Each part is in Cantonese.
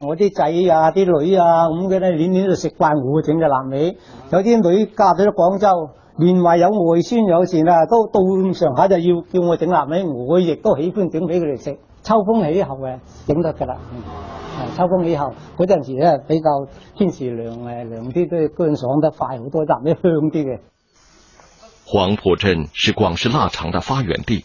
我啲仔啊、啲女啊咁嘅咧，年年都食慣我整嘅臘味。有啲女嫁咗喺廣州，年埋有外孫有時啊，都到咁上下就要叫我整臘味，我亦都喜歡整俾佢哋食。秋風起後誒，整得㗎啦、嗯。秋風起後嗰陣時咧，比較天時涼涼啲都乾爽得快好多，臘味香啲嘅。黃埔鎮是廣式臘腸的發源地。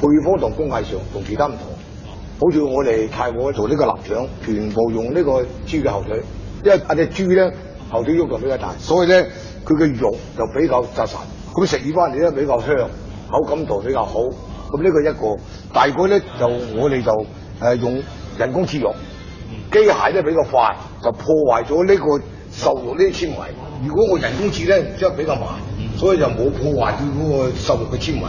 配方同工藝上同其他唔同，好似我哋太和做呢個臘腸，全部用呢個豬嘅後腿，因為阿隻豬咧後腿肉就比較大，所以咧佢嘅肉就比較紮實，咁食完翻嚟咧比較香，口感度比較好。咁呢個一個，第二個咧就我哋就誒用人工切肉，機械咧比較快，就破壞咗呢個瘦肉呢啲纖維。如果個人工切咧，即係比較慢，所以就冇破壞到嗰個瘦肉嘅纖維。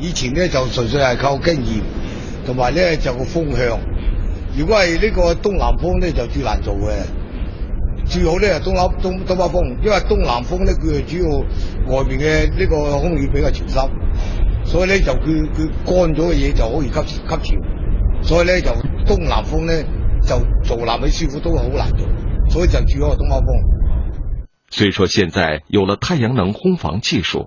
以前咧就純粹係靠經驗，同埋咧就個、是、風向。如果係呢個東南風咧就最難做嘅，最好咧係東北東東北風，因為東南風咧佢係主要外邊嘅呢個空氣比較潮濕，所以咧就佢佢乾咗嘅嘢就好易吸吸潮，所以咧就東南風咧就做臘味師傅都好難做，所以就最好係東北風。雖說現在有了太陽能烘房技術。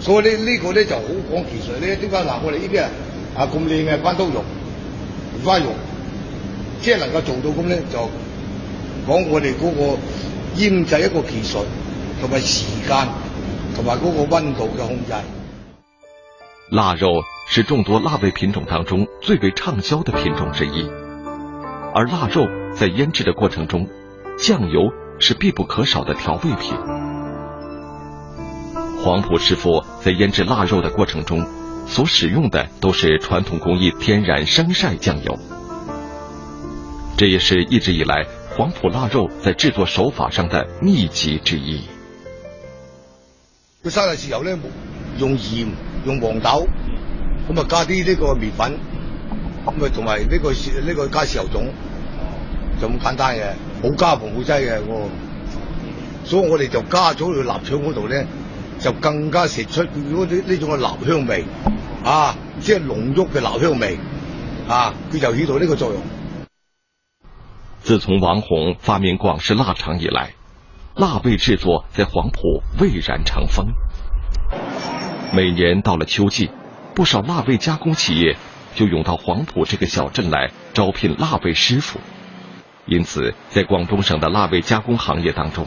所以呢，呢個咧就好講技術。呢點解嗱我哋呢啲啊啊咁靚嘅關刀肉、魚花肉，即係能夠做到咁咧，就講我哋嗰個醃製一個技術同埋時間同埋嗰個温度嘅控制。臘肉是眾多臘味品種當中最為暢銷的品種之一，而臘肉在醃製的過程中，醬油是必不可少的調味品。黃圃師傅在醃製臘肉的過程中，所使用的都是傳統工藝天然生曬醬油，這也是一直以來黃圃臘肉在製作手法上的秘籍之一。佢生曬醬油呢，用鹽，用黃豆，咁啊加啲呢個麵粉，咁啊同埋呢個呢個加豉油種，就咁簡單嘅，好加防腐劑嘅，哦。所以我哋就加咗去臘腸嗰度咧。就更加食出如果呢種嘅臘香味啊，即係濃郁嘅臘香味啊，佢就起到呢個作用。自從王洪發明廣式臘腸以來，臘味製作在黃圃蔚然成風。每年到了秋季，不少臘味加工企業就湧到黃圃這個小鎮來招聘臘味師傅，因此在廣東省的臘味加工行業當中。